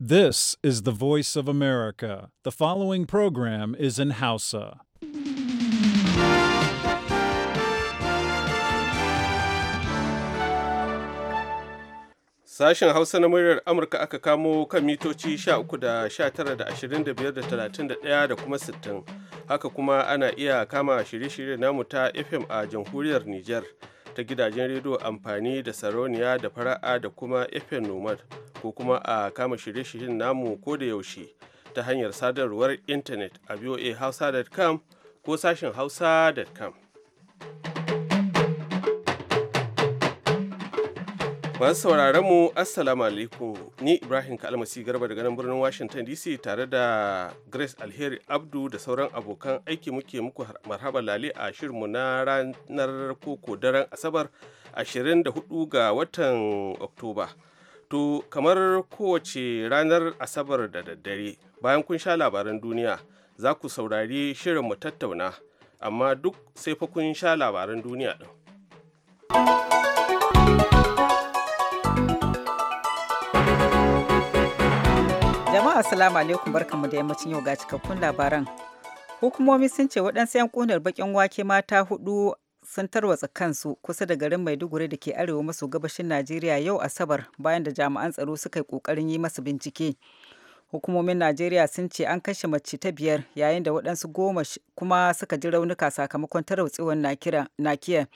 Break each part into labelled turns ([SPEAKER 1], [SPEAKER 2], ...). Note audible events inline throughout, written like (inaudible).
[SPEAKER 1] This is the voice of America. The following program is in Hausa.
[SPEAKER 2] Sashen Hausa na muryar Amurka aka kamo kan mitoci 13 da 19 da 25 da 31 da kuma 60. Haka kuma ana iya kama shirye-shirye namu ta FM a jamhuriyar Nijar. ta gidajen rediyo amfani da sarauniya da fara'a da kuma fm nomad ko kuma a kama shirye-shiryen namu ko da yaushe ta hanyar sadarwar intanet a voahausa.com ko sashen hausa.com Masu sauraron mu Assalamu alaikum ni Ibrahim Kalmasi Garba daga nan birnin Washington DC tare da Grace Alheri Abdu da sauran abokan aiki muke muku marhaba lale a shirinmu na ranar koko daren Asabar 24 ga watan Oktoba. To kamar kowace ranar Asabar da daddare bayan kun sha labaran duniya za ku saurari shirin mu tattauna amma duk sai fa kun sha labaran duniya ɗin.
[SPEAKER 1] assalamu alaikum barkanmu da yammacin yau ga cikakkun labaran. Hukumomi sun ce waɗansu 'yan ƙunar baƙin wake mata hudu sun tarwatsa kansu kusa da garin Maiduguri da ke arewa maso gabashin Najeriya yau Asabar bayan da jami'an tsaro suka yi kokarin yi masa bincike. Hukumomin Najeriya sun ce an kashe mace ta biyar yayin da waɗansu goma kuma suka ji raunuka sakamakon tarwatsewar nakiya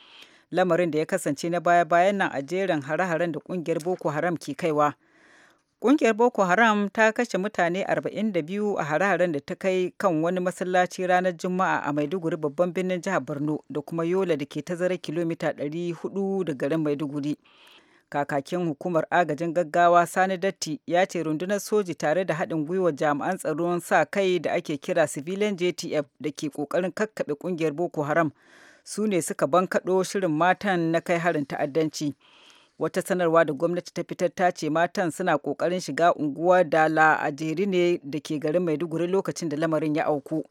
[SPEAKER 1] Lamarin da ya kasance na baya-bayan nan a jerin hare-haren da ƙungiyar Boko Haram ke kaiwa. Ƙungiyar Boko Haram ta kashe mutane 42 a hararen da ta kai kan wani masallaci ranar Juma'a a Maiduguri babban birnin jihar Borno da kuma Yola da ke tazara kilomita 400 da garin Maiduguri. Kakakin hukumar agajin gaggawa Sani Datti ya ce rundunar soji tare da haɗin gwiwar jami'an tsaron sa kai da ake kira civilian JTF da ke ƙoƙarin kakkaɓe ƙungiyar Boko Haram su ne suka bankaɗo shirin matan na kai harin ta'addanci. wata sanarwa da gwamnati ta fitar ta ce matan suna kokarin shiga unguwa dala a jeri ne da ke garin maiduguri lokacin da lamarin ya auku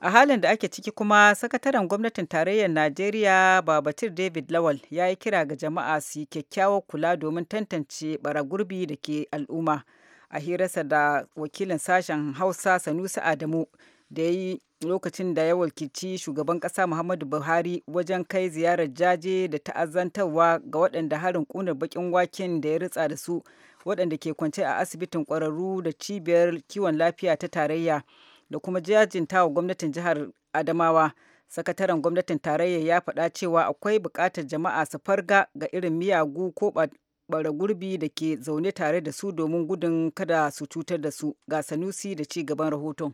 [SPEAKER 1] a halin da ake ciki kuma sakataren gwamnatin tarayyar najeriya babatir david lawal ya yi kira ga jama'a su yi kyakkyawar kula domin tantance baragurbi da ke al'umma a hirarsa da wakilin sashen hausa sanusi adamu da ya yi lokacin da ya wakilci shugaban ƙasa Muhammadu Buhari wajen kai ziyarar jaje da ta'azantarwa ga waɗanda harin ƙunar baƙin waken da ya ritsa da su waɗanda ke kwance a asibitin ƙwararru da cibiyar kiwon lafiya ta tarayya da kuma jajintawa gwamnatin jihar Adamawa. sakataren gwamnatin tarayya ya faɗa cewa akwai buƙatar jama'a su farga ga irin miyagu ko bara gurbi da ke zaune tare da su domin gudun kada su cutar da su ga sanusi da ci gaban rahoton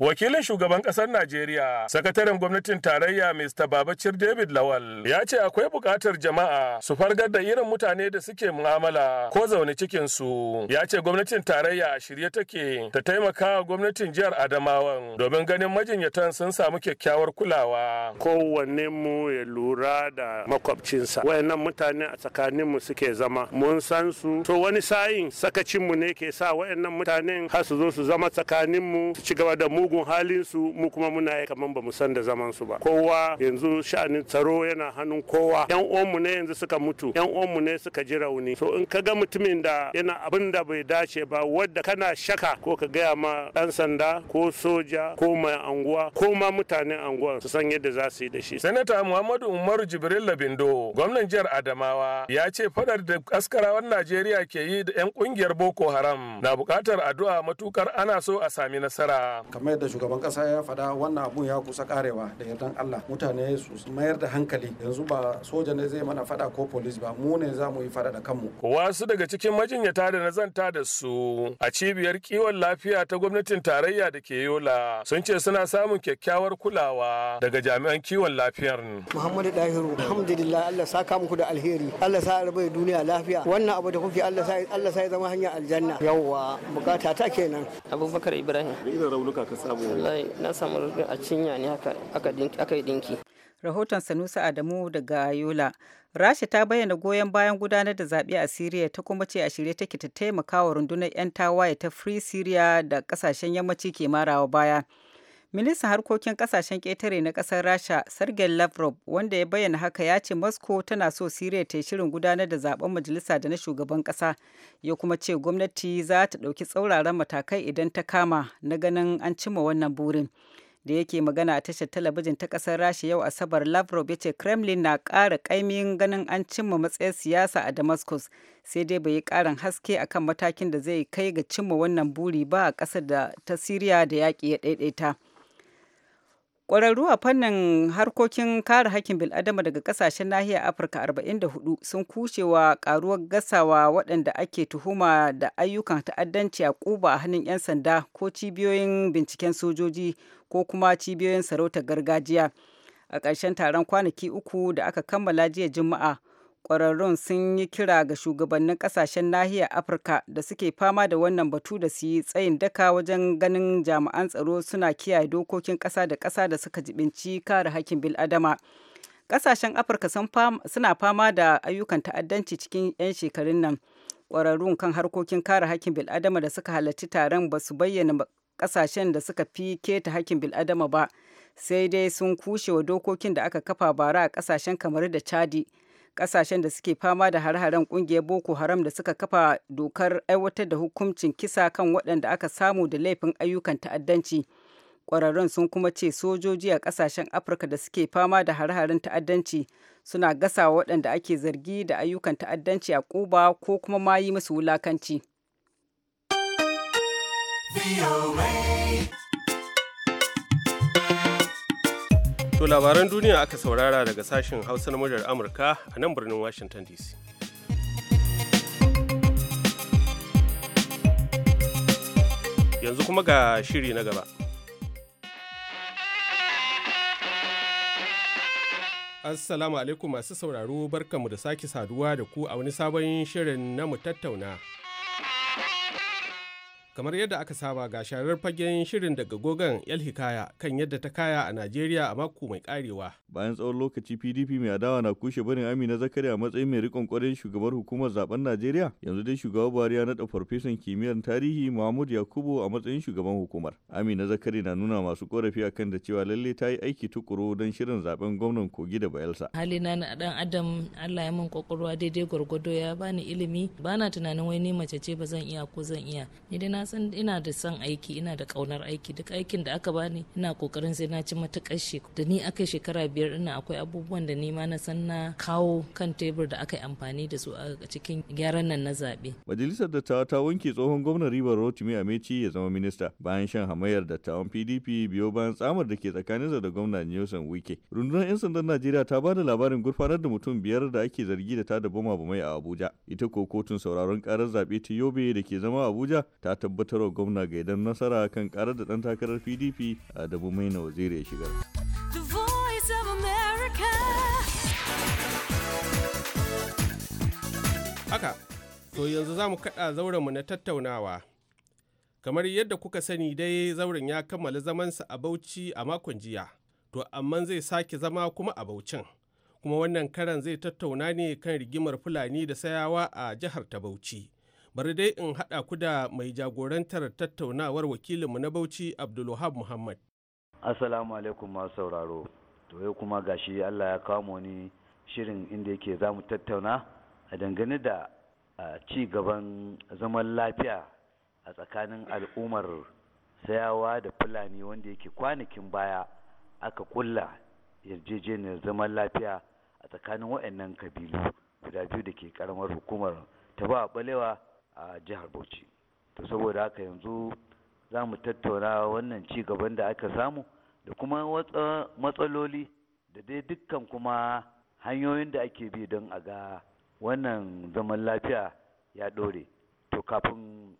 [SPEAKER 1] Wakilin shugaban Kasar
[SPEAKER 3] Najeriya, sakataren gwamnatin tarayya Mr. Babacir David Lawal ya ce akwai bukatar jama'a su fargar da irin mutane da suke mu'amala ko zaune cikin su. Ya ce gwamnatin tarayya a shirye take ta taimaka gwamnatin jihar Adamawan domin ganin majinyatan sun samu kyakkyawar kulawa.
[SPEAKER 4] Kowanne mu ya lura da makwabcinsa. Wayannan mutane a tsakanin mu suke zama. Mun san su. To wani sa'in sakacin mu ne ke sa wayannan mutanen har su zo su zama tsakanin mu su ci gaba da mu mugun halin su mu kuma muna yi ba mu san da zaman su ba kowa yanzu sha'anin tsaro yana hannun kowa yan uwanmu ne yanzu suka mutu yan uwanmu ne suka ji rauni so in ka ga mutumin da yana abin da bai dace ba wadda kana shaka ko ka gaya ma dan sanda ko soja ko mai anguwa ko ma mutanen anguwa su san yadda za su yi da shi
[SPEAKER 3] sanata muhammadu Umar jibril labindo gwamnan jihar adamawa ya ce fadar da askarawan najeriya ke yi da yan kungiyar boko haram na bukatar addu'a matukar ana so a sami nasara
[SPEAKER 4] kamar kamar yadda shugaban kasa ya faɗa wannan abun ya kusa karewa da yardan Allah mutane su mayar da hankali yanzu ba soja ne zai mana faɗa ko police ba mu ne za mu yi faɗa da kanmu.
[SPEAKER 3] Wasu daga cikin majinyata da na nazanta da su a cibiyar kiwon lafiya ta gwamnatin tarayya da ke Yola sun ce suna samun kyakkyawar kulawa daga jami'an kiwon lafiyar.
[SPEAKER 1] Muhammadu Dahiru alhamdulillah Allah sa ka ku da alheri Allah sa rabe duniya lafiya wannan abu da kuke Allah sa ya zama hanyar aljanna yawwa bukata ta kenan. Abubakar Ibrahim. raunuka wallahi na samu rubin a cinya ne aka yi dinki rahoton sanusa adamu daga yola rasha ta bayyana goyon bayan gudanar da zaɓe a siriya ta kuma ce a shirye take ta taimaka wa rundunar 'yan tawaye ta free syria da kasashen yammaci ke marawa baya Ministan harkokin kasashen ƙetare na ƙasar Rasha, Sergei Lavrov, wanda ya bayyana haka ya ce Moscow tana so Siriya ta yi shirin gudanar da zaben majalisa da na shugaban ƙasa, ya kuma ce gwamnati za ta ɗauki tsauraran matakai idan ta kama na ganin an cimma wannan burin. Da yake magana a tashar talabijin ta ƙasar Rasha yau Asabar Lavrov ya ce Kremlin na ƙara ƙaimin ganin an cimma matsayin siyasa a Damascus, sai dai bai yi ƙarin haske akan matakin da zai kai ga cimma wannan buri ba a ƙasar da ta Siriya da yaƙi ya ɗaiɗaita. Ƙwararru a fannin harkokin kare hakkin bil'adama daga ƙasashen nahiyar Afirka 44 sun kushewa ƙaruwar gasawa waɗanda ake tuhuma da ayyukan ta'addanci a ƙuba a hannun 'yan sanda ko cibiyoyin binciken sojoji ko kuma cibiyoyin sarautar gargajiya. A ƙarshen taron kwanaki uku da aka kammala jiya Juma'a. kwararrun sun yi kira ga shugabannin kasashen nahiyar afirka da suke fama da wannan batu da su yi tsayin daka wajen ganin jami'an tsaro suna kiyaye dokokin kasa da kasa da suka jibinci kare hakkin bil'adama kasashen afirka suna fama da ayyukan ta'addanci cikin 'yan shekarun nan kwararrun kan harkokin kare hakkin bil'adama da suka halarci taron ba su bayyana kasashen da suka fi keta hakkin bil'adama ba sai dai sun kushe wa dokokin da aka kafa bara a kasashen kamar da chadi kasashen da suke fama da hare-haren kungiyar boko haram da suka kafa dokar aiwatar da hukuncin kisa kan waɗanda aka samu da laifin ayyukan ta'addanci ƙwararrun sun kuma ce sojoji a ƙasashen afirka da suke fama da hare-haren ta'addanci suna gasa waɗanda ake zargi da ayyukan ta'addanci a ƙuba ko kuma ma yi musu wulakanci.
[SPEAKER 2] To labaran duniya aka saurara daga sashen Hausa na muryar Amurka a nan birnin Washington DC. Yanzu kuma ga shiri na gaba. Assalamu alaikum masu sauraro barkanmu da sake saduwa da ku a wani sabon shirin na mu tattauna. kamar yadda aka saba ga sharar fagen shirin daga gogon yal hikaya kan yadda ta kaya a najeriya a mako mai karewa
[SPEAKER 5] bayan tsawon lokaci pdp mai adawa na kushe barin amina zakari a matsayin mai rikon kwarin shugabar hukumar zaben najeriya yanzu dai shugaba buhari ya naɗa farfesan kimiyyar tarihi mahmud yakubu a matsayin shugaban hukumar amina zakari na nuna masu korafi akan da cewa lalle ta yi aiki tukuru don shirin zaben gwamnan kogi da bayelsa
[SPEAKER 1] halina na dan adam allah ya min kwakwalwa daidai gwargwado ya bani ilimi bana tunanin wai ni mace ce ba zan iya ko zan iya ni dai na san ina da son aiki ina da kaunar aiki duk aikin da aka bani ina kokarin sai na ci matakar shi da ni aka shekara biyar ina akwai abubuwan da ni ma na san na kawo kan tebur da aka yi amfani da su a cikin gyaran nan na zaɓe.
[SPEAKER 5] Majalisar da ta ta wanke tsohon gwamnan Ribar Rotimi ameci ya zama minista bayan shan hamayar da dattawan PDP biyo bayan tsamar da ke tsakaninsa da gwamna Nelson Wike. Rundunar 'yan sandan Najeriya ta bada labarin gurfanar da mutum biyar da ake zargi da ta da bama bamai a Abuja. Ita ko kotun sauraron karar zaɓe ta Yobe da ke zama Abuja ta tabbatar tabbatarwa gwamna ga idan nasara kan karar da ɗan takarar pdp a adamu na waziri ya shigar
[SPEAKER 2] haka to yanzu za mu kaɗa zaurenmu na tattaunawa kamar yadda kuka sani dai zauren ya kammala zamansa a bauchi a makon jiya to amma zai sake zama kuma a baucin kuma wannan karan zai tattauna ne kan rigimar fulani da sayawa a jihar ta bauchi bari dai in haɗa ku da mai jagorantar tattaunawar wakilinmu na bauchi abdulwahab muhammad assalamu
[SPEAKER 6] alaikum masu sauraro to yau kuma gashi allah ya kawo wani shirin inda yake za mu tattauna a dangane da ci gaban zaman lafiya a tsakanin al'ummar sayawa da fulani wanda yake kwanakin baya aka kulla yarjejeniyar zaman lafiya a tsakanin waɗannan kabilu guda biyu da ke karamar hukumar ta ba balewa a jihar bauchi to saboda haka yanzu za mu tattauna wannan ci gaban da aka samu da kuma matsaloli da dai dukkan kuma hanyoyin da ake bi don a ga wannan zaman lafiya ya ɗore to kafin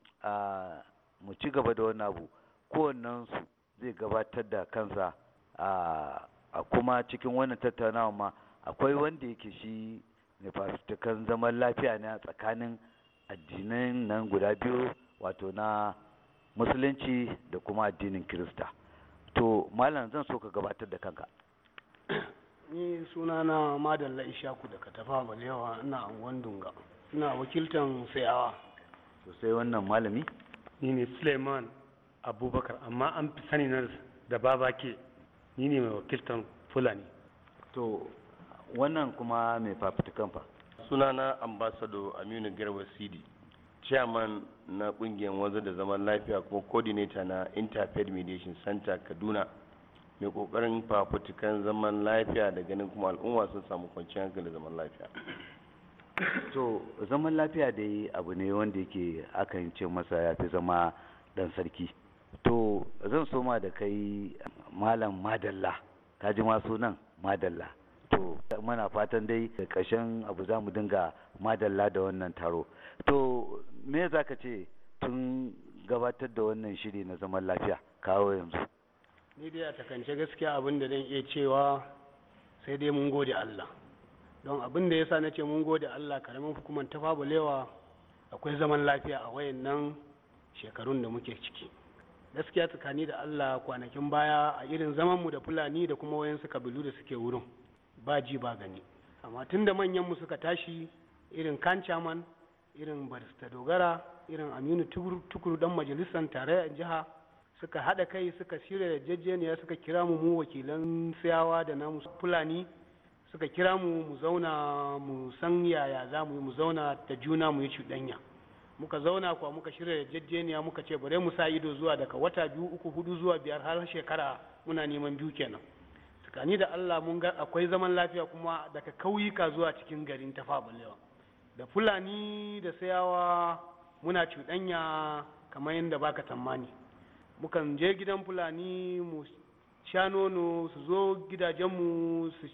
[SPEAKER 6] mu ci gaba da wannan abu su zai gabatar da kansa a kuma cikin wannan tattaunawa ma akwai wanda yake shi ne zaman lafiya ne a tsakanin addinan nan guda biyu wato na musulunci da kuma addinin kirista to malam zan so ka gabatar da kanka
[SPEAKER 7] ni suna na madalla ishaku da katafa balewa ina angon dunga
[SPEAKER 6] ina wakiltan sayawa sai wannan malami
[SPEAKER 4] ni ne suleiman abubakar amma an fi sani na da baba ke
[SPEAKER 6] ni ne mai wakiltan fulani to wannan kuma mai fafutukan fa
[SPEAKER 4] sunana ambasado aminu garba sidi chairman na kungiyar wanzar da zaman lafiya kuma coordinator na interfaith mediation center kaduna mai kokarin fafutukan zaman lafiya da ganin kuma al'umma sun samu kwanciyar hankali zaman lafiya
[SPEAKER 6] to zaman lafiya da yi abu ne wanda yake akan ce masa ya fi zama dan sarki to zan soma da kai malam madalla ka ji ma sunan madalla muna fatan dai da ƙarshen abu za mu dinga madalla da wannan taro to me za ka ce tun gabatar da wannan shiri na zaman lafiya kawo yanzu
[SPEAKER 7] ni dai a takance gaskiya abin da zan iya cewa sai dai mun gode Allah don abin da yasa nace mun gode Allah karamin hukumar ta fabulewa akwai zaman lafiya a wayannan shekarun da muke ciki gaskiya tsakani da Allah kwanakin baya a irin zamanmu da fulani da kuma wayansu kabilu da suke wurin ba ji ba gani amma tun da manyan mu suka tashi irin kan chairman irin barista dogara irin aminu tukuru dan majalisar tarayyar jiha suka haɗa kai suka shirya da jejjeniya suka kira mu mu wakilan siyawa da namu fulani suka kira mu mu zauna mu san yaya za mu mu zauna da juna mu yi cuɗanya muka zauna kuwa muka shirya da jejjeniya muka ce bare mu sa ido zuwa daga wata biyu uku hudu zuwa biyar har shekara muna neman biyu kenan gani da Allah mun ga akwai zaman lafiya kuma daga kauyuka zuwa cikin garin tafa balewa da fulani da sayawa muna cuɗanya kamar yadda baka tsammani mukan je gidan fulani mu sha nono su zo gidajenmu su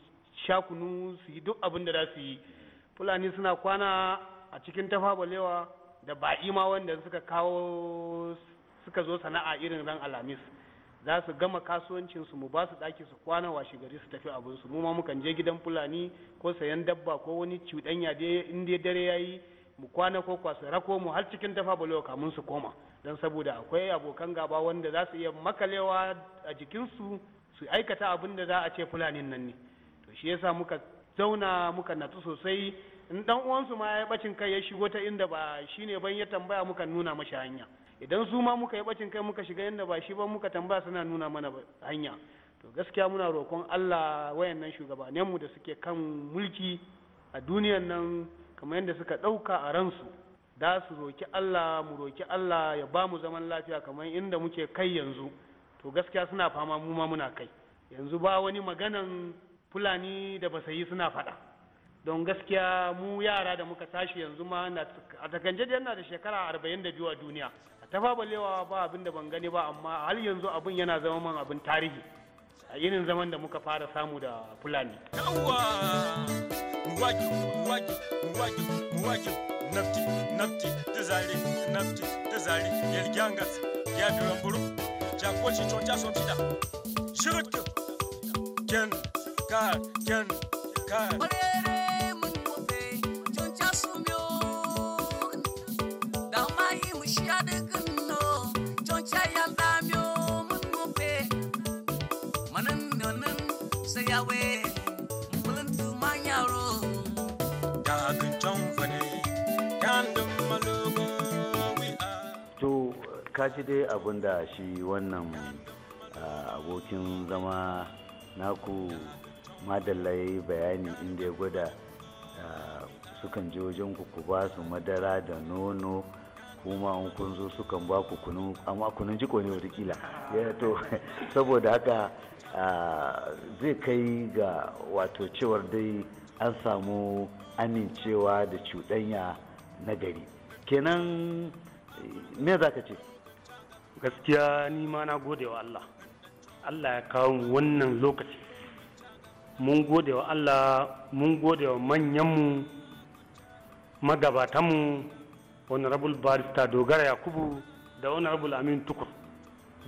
[SPEAKER 7] sha kunu su yi duk abin da za su yi fulani suna kwana a cikin tafa da baƙi ma wanda suka kawo suka zo sana'a irin ran alhamis za su gama kasuwancinsu mu ba su ɗaki su kwana washe gari su tafi su mu ma mukan je gidan fulani ko sayan dabba ko wani cuɗanya in dai dare yayi mu kwana ko kwasa rako mu har cikin tafa balewa kamun su koma dan saboda akwai abokan gaba wanda za su iya makalewa a jikinsu su aikata abin da za a ce fulanin nan ne to shi yasa muka zauna muka natsu sosai in dan uwansu ma ya bacin kai ya shigo ta inda ba shine ban ya tambaya muka nuna mashi hanya idan su ma muka yi bacin kai muka shiga yadda ba shi ba muka tambaya suna nuna mana hanya to gaskiya muna roƙon Allah wayannan mu da suke kan mulki a duniyan nan kamar yadda suka ɗauka a ransu da su roki Allah mu roki Allah ya ba mu zaman lafiya kamar inda muke kai yanzu to gaskiya suna fama mu ma muna kai yanzu ba wani maganan fulani da ba suna faɗa don gaskiya mu yara da muka tashi yanzu ma a takanje yana da shekara arba'in da biyu a duniya ta balewa ba abin da ban gani ba amma har yanzu abin yana zama man abin tarihi a irin zaman da muka fara samu da fulani nafti
[SPEAKER 3] Ken, nafti
[SPEAKER 6] kaji dai abin da shi wannan abokin zama naku madalla ya yi bayani inda ya gwada sukan ji wajen ku ba su madara da nono kuma an kun zo sukan ba ku kunu amma kunun jiko ne watakila ya to (laughs) saboda haka zai kai ga wato cewar dai an samu amincewa da cuɗanya na gari kenan me za ka ce gaskiya ni ma na gode wa Allah Allah ya
[SPEAKER 4] kawo mu wannan lokaci mun gode wa Allah mun gode wa manyanmu magabatanmu honorable barista dogara yakubu da honorable amin tukur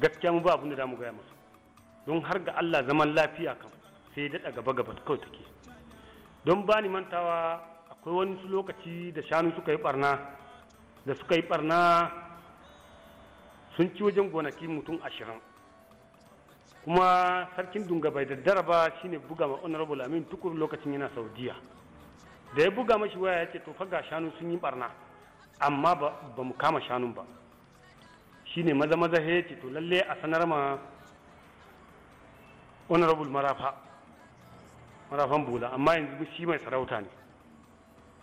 [SPEAKER 4] gaskiya mu ba abin da mu gaya masu don har ga Allah zaman lafiya kan sai daɗa gaba gaba kawai take don ba ni mantawa akwai wani lokaci da shanu suka yi barna da suka yi barna sun ci wajen gonaki mutum ashirin kuma sarkin dunga bai daddara ba shine buga ma honorable amin tukur lokacin yana saudiya da ya buga mashi waya ya ce to faga shanu sun yi barna amma ba mu kama shanun ba shine maza maza ya ce to lalle a sanar ma honorable marafa marafan bula amma yanzu shi mai sarauta ne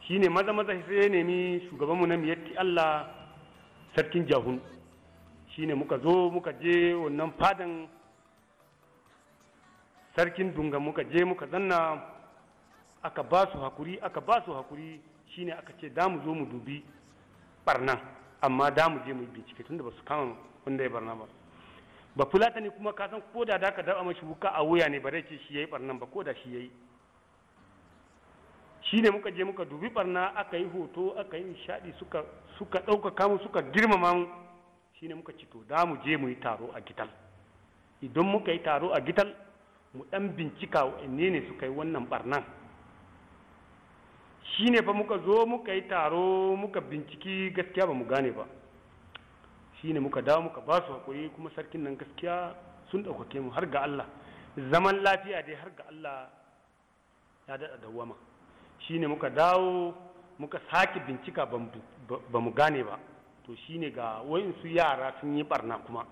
[SPEAKER 4] shine maza maza sai ya nemi shugabanmu na miyatti allah sarkin jahun Shi ne muka zo muka je wannan fadan sarkin dunga muka je muka zanna aka ba su hakuri aka ba su hakuri shine aka ce da mu zo mu dubi barna amma da mu je mu yi bincike tunda ba su kama wanda ya barna ba ba fulata ne kuma kasan ko da da ka daba mashi wuka a wuya ne ba dai ce shi yayi barnan ba ko da shi yayi ne muka je muka dubi barna aka yi hoto aka yi nishadi suka suka ɗaukaka mu suka girmama mu Shi ne muka ci to da mu je mu yi taro a gital idan muka yi taro a gital mu dan bincika ne ne suka yi wannan barnan ne fa muka zo muka yi taro muka binciki gaskiya ba mu gane ba shi ne muka dawo muka ba su haƙuri kuma sarkin nan gaskiya sun ɗaukake mu har ga Allah zaman lafiya dai har ga Allah ya daɗa shi ne muka dawo muka sake bincika ba mu gane ba to shine ga wayansu yara sun yi barna kuma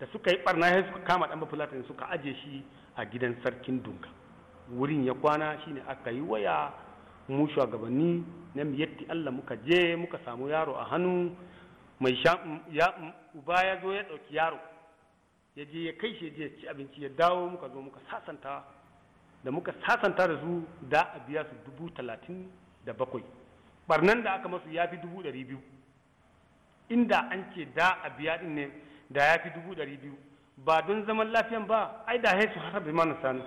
[SPEAKER 4] da suka yi barna ya suka kama dan bafulatin suka aje shi a gidan sarkin dunga wurin ya kwana shine aka yi waya mu shugabanni na miyatti Allah muka je muka samu yaro a hannu mai sha ya uba ya zo ya ɗauki yaro ya je ya kai shi ya ci abinci ya dawo muka zo muka sasanta da muka sasanta da su da a biya su dubu talatin da bakwai barnan da aka masu ya fi dubu ɗari biyu inda an ce da a biya din ne da ya fi dubu ɗari biyu ba don zaman lafiyan ba ai da haisu bai mana sanu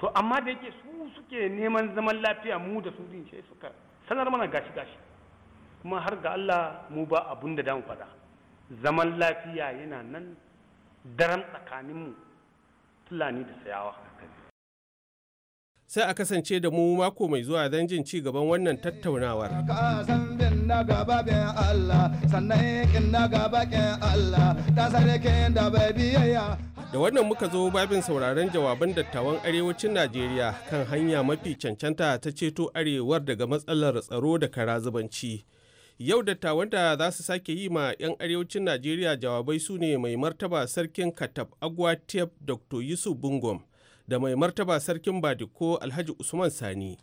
[SPEAKER 4] to amma da yake su suke neman zaman lafiya mu da su din sai suka sanar mana gashi gashi kuma har ga Allah mu ba abun da dan fada zaman lafiya yana nan daren tsakanin tsakaninmu fulani da
[SPEAKER 2] sayawa sai a kasance da mu mako mai zuwa don jin ci gaban wannan tattaunawar.
[SPEAKER 7] gaba bin Allah sannan
[SPEAKER 2] da wannan muka zo babin sauraron jawaban dattawan arewacin najeriya kan hanya mafi cancanta ta ceto arewar daga matsalar tsaro da kara zubanci, yau dattawan da za su sake yi ma 'yan arewacin najeriya jawabai su ne mai martaba sarkin katab agwatiyar dr yusuf bungom da mai martaba sarkin badiko alhaji usman sani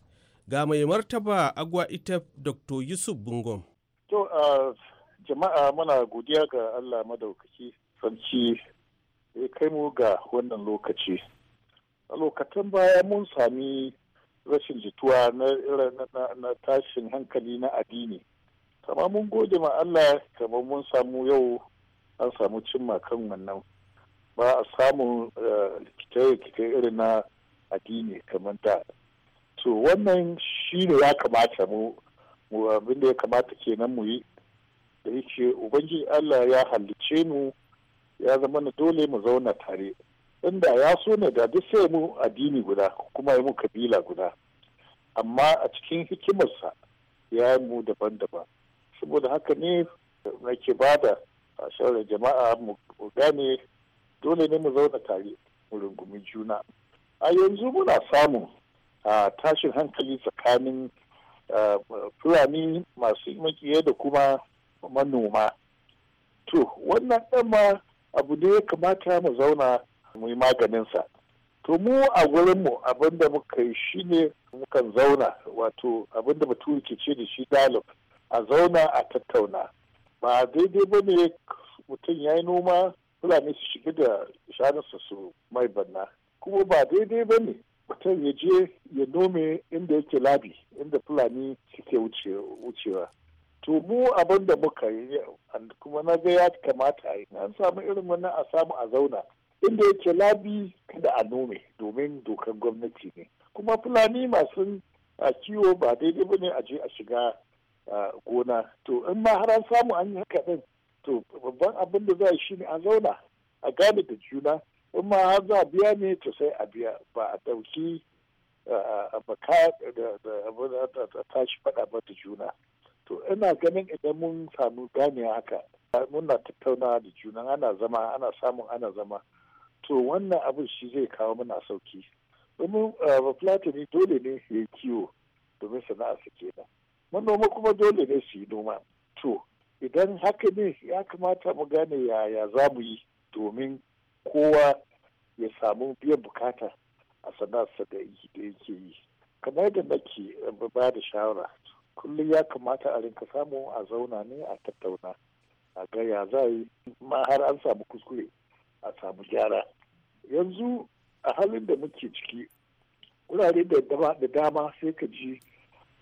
[SPEAKER 2] ga mai martaba agwa ita dr yusuf bungom
[SPEAKER 8] to a jama'a muna godiya ga allah madaukaki sarki ya kai mu ga wannan lokaci a lokacin baya mun sami rashin jituwa na, tashin hankali na addini kama mun gode ma allah kamar mun samu yau an samu cimma kan wannan ba a samun eh, likita likita irin na addini kamar da so wannan shi ne ya kamata mu mu abin da ya kamata kenan mu yi da yake ubangiji allah ya halice mu ya zama na dole mu zauna tare inda ya so ne da duk sai mu addini guda kuma mu kabila guda amma a cikin hikimarsa ya yi mu daban-daban saboda haka ne nake ba da shawarar jama'a mu gane dole ne mu zauna tare mu rungumi juna a yanzu muna samun a tashin hankali tsakanin fulani masu makiye da kuma manoma to wannan ɗan ma abu ne ya kamata mu zauna mu yi maganinsa to mu a gurinmu abinda muka yi shi ne mukan zauna wato abinda bature ke ce da shi dalib a zauna a tattauna ba daidai ba ne mutum ya yi noma fulani su shiga da shanarsa su mai banna kuma ba daidai ba ne mutum ya je ya nome inda yake labi inda fulani suke wucewa to mu abin da muka yi kuma na ga ya kamata yi an samu irin wannan a samu a zauna inda yake labi kada a nome domin dokar gwamnati ne kuma fulani masu kiwo ba daidai ba ne a je a shiga gona to in ma har an samu an yi haka din to babban abin da za a shi ne a zauna a gane da juna in ma har za biya ne ta sai a biya ba a ɗauki baka da tashi faɗa ba da juna to ina ganin idan mun samu gane haka muna tattaunawa da juna ana zama ana samun ana zama to wannan abin shi zai kawo mana sauki domin ba ne dole ne ya yi kiwo domin sana'a su kenan manoma kuma dole ne su yi noma to idan haka ne ya kamata mu gane yaya za mu yi domin kowa ya samu biyan bukata a sana'arsa da yake yi kamar yadda nake eh, ba da shawara kullum ya kamata a rinka samu a zauna ne a tattauna a ga ya za yi ma har an samu kuskure a samu gyara yanzu a halin da muke ciki wurare da dama sai ka ji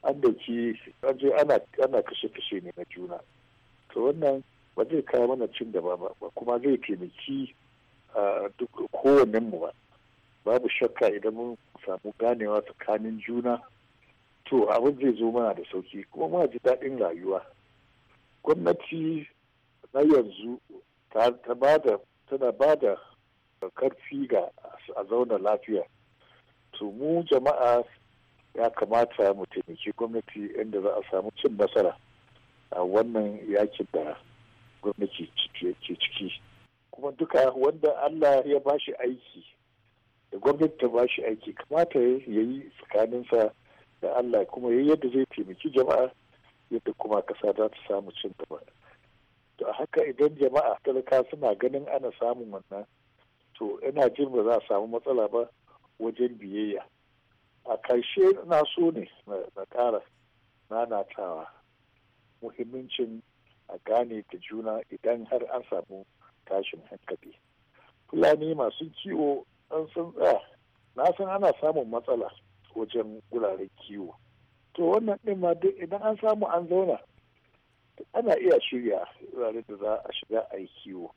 [SPEAKER 8] an ke je ana kashe-kashe ne na juna to wannan ba zai kawo mana cin gaba ba kuma zai taimaki a duk kowannen mu ba babu shakka idan mun samu ganewa tsakanin juna to abin zai zo mana da sauki kuma ma ji daɗin rayuwa gwamnati na yanzu tana ba da karfi ga a zauna lafiya to mu jama'a ya kamata mu taimaki gwamnati inda za a samu cin nasara a wannan yakin da gwamnati ke ciki kuma duka wanda Allah ya ba shi aiki da gwamnati ta ba shi aiki kamata ya yi tsakaninsa da Allah kuma ya yadda zai taimaki jama'a yadda kuma kasa za ta samu cin gaba to haka idan jama'a talaka suna ganin ana samun wannan to ina jin ba za a samu matsala ba wajen biyayya a karshe na so ne na ƙara nanatawa muhimmancin a gane da juna idan har an samu tashin hankali fulani masu kiwo an san ah, na san ana samun matsala wajen wuraren kiwo to wannan ɗin ma duk idan an samu an zauna ana iya shirya wuraren da za a shiga a yi kiwo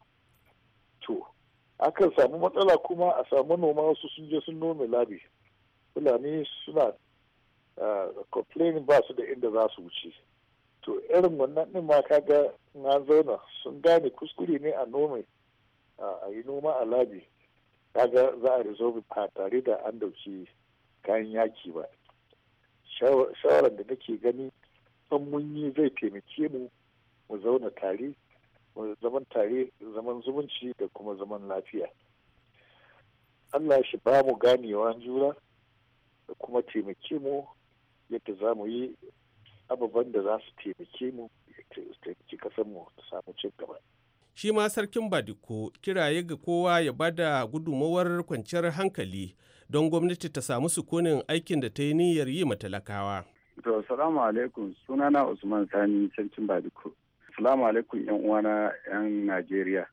[SPEAKER 8] to akan samu matsala kuma a samu noma wasu sun je sun nome labi fulani suna ah, complaining ba su da inda za su wuce to irin wannan ɗin ma ga na zauna sun gane kuskure ne a nome a yi noma a labi ga za a resolve ba tare da an dauki kayan yaki ba shawarar da nake gani an mun yi zai taimake mu mu zauna tare mu zaman tare zaman zumunci da kuma zaman lafiya allah shi ba mu ganewa juna da kuma taimake mu yadda za mu yi ababen da za su taimake mu taimaki kasar mu ta samu cin gaba
[SPEAKER 2] shi ma sarkin badiko kiraye ga kowa ya bada gudumawar kwanciyar hankali don gwamnati ta samu sukunin aikin da ta yi niyyar yi matalakawa.
[SPEAKER 9] To, salamu alaikum sunana Usman Sani sarkin badiko. Salamu alaikum yan uwana yan Najeriya.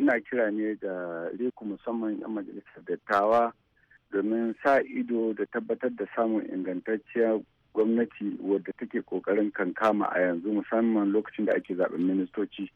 [SPEAKER 9] Ina kira ne da riku musamman yan majalisar dattawa domin sa ido da tabbatar da samun ingantacciyar gwamnati wadda take kokarin kankama a yanzu musamman lokacin da ake zaben ministoci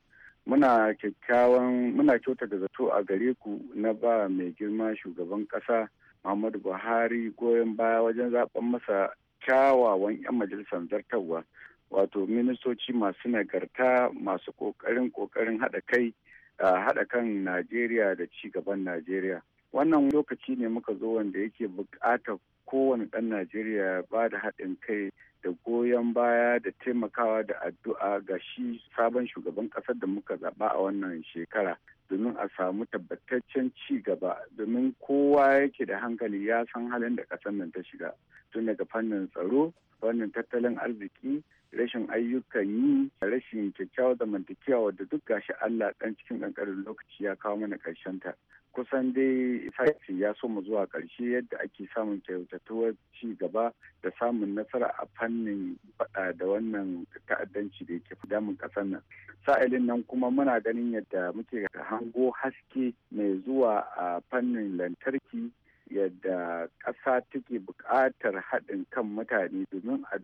[SPEAKER 9] muna kyakkyawan muna kyautata zato a gare ku na ba mai girma shugaban kasa muhammadu buhari goyon baya wajen zaben masa kyawawan 'yan majalisar zartarwa wato ministoci masu nagarta masu kokarin kokarin haɗa kai haɗa kan najeriya da ci gaban najeriya wannan lokaci ne muka zo wanda yake bukatar kowane ɗan Najeriya ba da haɗin kai da goyon baya da taimakawa da addu'a ga shi sabon shugaban ƙasar da muka zaɓa a wannan shekara domin a samu tabbataccen ci gaba domin kowa yake da hankali ya san halin da ƙasar nan ta shiga tun daga fannin tsaro fannin tattalin arziki rashin ayyukan yi rashin kyakkyawar zamantakewa da duk gashi Allah dan cikin kankarin lokaci ya kawo mana karshen ta kusan dai sashi ya so mu zuwa karshe yadda ake samun kyautatuwar ci gaba da samun nasara a fannin fada da wannan ta'addanci da yake damun kasar nan sa'ilin nan kuma muna ganin yadda muke hango haske mai zuwa a fannin lantarki yadda ƙasa take buƙatar haɗin kan mutane domin a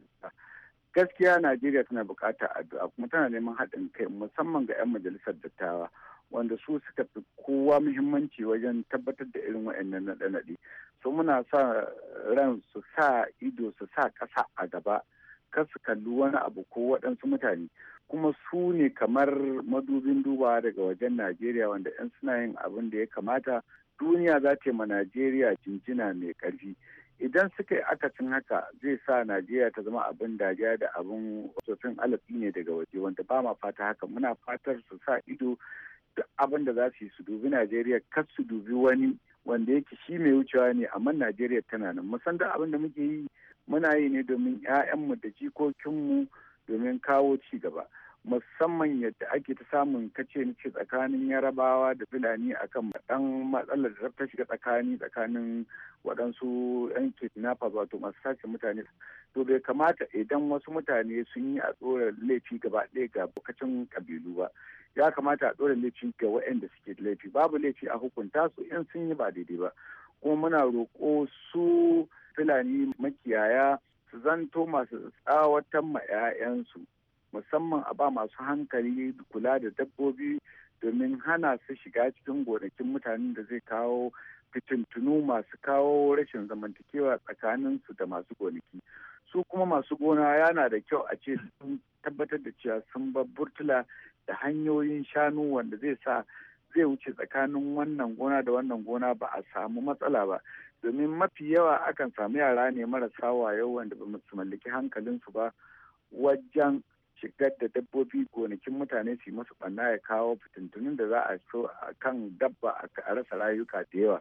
[SPEAKER 9] gaskiya najeriya tana bukatar addu'a kuma tana neman haɗin kai musamman ga 'yan majalisar dattawa wanda su suka fi kowa muhimmanci wajen tabbatar da irin wa'annan naɗe-naɗe su muna sa ran su sa ido su sa ƙasa a gaba kar su kalli wani abu ko waɗansu mutane kuma su ne kamar madubin dubawa daga wajen najeriya wanda 'yan suna yin abin da ya kamata duniya za ta yi ma najeriya jinjina mai ƙarfi idan suka yi akasin haka zai sa najeriya ta zama abin dajiya da abin sosin alaƙi ne daga waje wanda ba ma fata haka muna fatar su sa ido duk abin da za su yi su dubi najeriya kar su dubi wani wanda yake shi mai wucewa ne amma najeriya tana nan musan da abin da muke yi muna yi ne domin 'ya'yanmu da jikokinmu domin kawo ci gaba musamman yadda ake ta samun kace ce tsakanin yarabawa da fulani akan dan matsalar da ta shiga tsakani tsakanin waɗansu yan kidnappers wato masu sace mutane to bai kamata idan wasu mutane sun yi a tsoron laifi gaba ɗaya ga bukacin ƙabilu ba ya kamata a tsoron laifi ga waɗanda suke laifi babu laifi a hukunta su in sun yi ba daidai ba kuma muna roƙo su fulani makiyaya su zanto masu tsawatan ma 'ya'yansu musamman a ba masu hankali kula da dabbobi domin hana su shiga cikin gonakin mutanen da zai kawo fitintunu masu kawo rashin zamantakewa tsakanin su da masu gonaki su kuma masu gona yana da kyau a ce sun tabbatar da cewa sun bar burtula da hanyoyin shanu wanda zai sa zai wuce tsakanin wannan gona da wannan gona ba a samu matsala ba domin mafi yawa akan samu yara ne marasa wayo wanda ba su mallaki hankalinsu ba wajen shigar da dabbobi gonakin mutane su masu ɓanna ya kawo fitintunin da za a so a kan dabba a rasa rayuka da yawa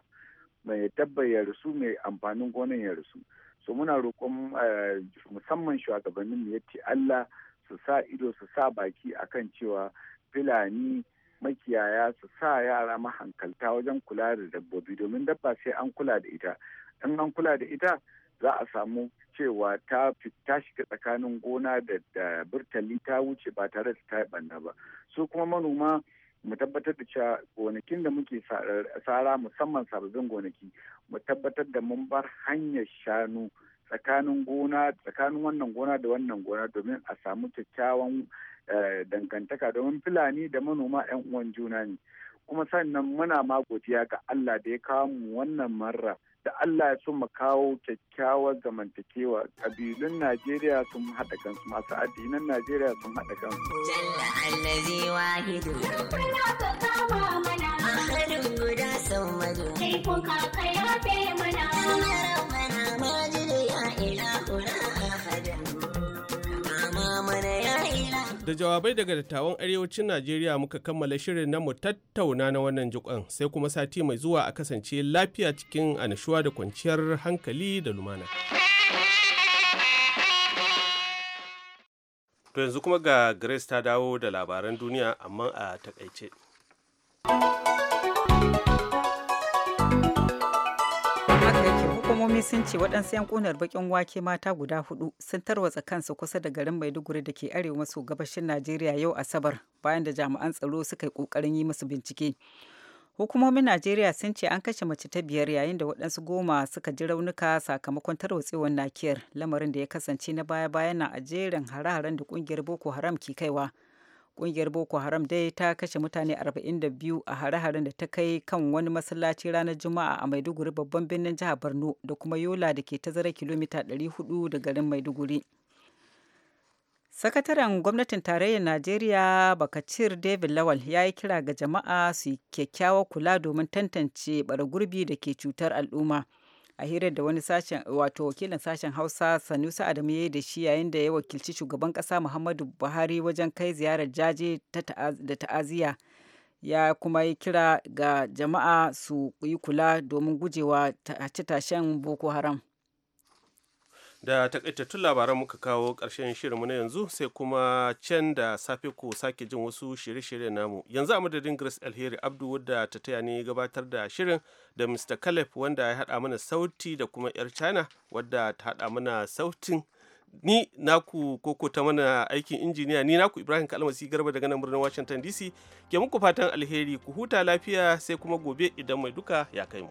[SPEAKER 9] mai dabba ya rasu mai amfanin gonan ya rasu so muna roƙon eh, musamman shugabannin ya yace Allah su sa ido su sa baki a kan cewa filani makiyaya su sa yara mahankalta wajen kula da dabbobi domin dabba sai an kula da ita in an kula da ita za a samu cewa ta ta shiga tsakanin gona da burtali ta wuce ba tare da ta banna ba su kuma manoma mu tabbatar da cewa gonakin da muke tsara musamman sababbin gonaki mu tabbatar da mun bar hanyar shanu tsakanin gona tsakanin wannan gona da wannan gona domin a samu kyakkyawan eh, dangantaka domin fulani da manoma 'yan uwan juna ne kuma sannan muna ma godiya ga Allah da ya kawo mu wannan marra da Allah ya mu kawo kyakkyawar zamantakewa Kabilun Najeriya sun haɗa kansu masu addinan Najeriya sun haɗa kansu.
[SPEAKER 8] Jalla allazi wahidu. Kuna
[SPEAKER 3] ka kama mana. Ahadun guda sau madu. Sai kuka kayafe mana.
[SPEAKER 2] Da jawabai daga dattawan arewacin Najeriya muka kammala shirin na mu tattauna na wannan jikon sai kuma sati mai zuwa a kasance lafiya cikin anashuwa da kwanciyar hankali da lumana. To yanzu kuma ga Grace ta dawo da labaran duniya amma a takaice.
[SPEAKER 1] rahotanni sun ce waɗansu 'yan kunar baƙin wake mata guda hudu sun tarwatsa kansu kusa da garin maiduguri da ke arewa maso gabashin najeriya yau asabar bayan da jami'an tsaro suka yi kokarin yi musu bincike hukumomin najeriya sun ce an kashe mace ta biyar yayin da waɗansu goma suka ji raunuka sakamakon tarwatsewar nakiyar lamarin da ya kasance na baya-bayan na a jerin hare-haren da ƙungiyar boko haram ke kaiwa Ƙungiyar Boko Haram dai ta kashe mutane 42 a hare-haren da ta kai kan wani masallaci ranar Juma'a a Maiduguri babban birnin jihar Borno da kuma Yola da ke tazara kilomita 400 da garin Maiduguri. Sakataren gwamnatin tarayyar Najeriya Bakacir David Lawal ya yi kira ga jama'a su yi kyakkyawar kula domin tantance bara gurbi da ke cutar al'umma. a hirar da wani sashen wato wakilin sashen hausa sanusa adamu ya yi da shi yayin da ya wakilci shugaban kasa muhammadu buhari wajen kai ziyarar jaje da ta'aziyya ya kuma yi kira ga jama'a su yi kula domin gujewa tashe-tashen boko haram
[SPEAKER 2] da takaitattun labaran muka kawo ƙarshen shirinmu na yanzu sai kuma can da safe ku sake jin wasu shirye shiryen namu yanzu a madadin grace alheri abdu wadda ta taya ni gabatar da shirin da mr caleb wanda ya haɗa mana sauti da kuma yar china wadda ta haɗa mana sautin ni naku koko ta mana aikin injiniya ni naku ibrahim kalmasi garba daga nan birnin washington dc ke muku fatan alheri ku huta lafiya sai kuma gobe idan mai duka ya kai mu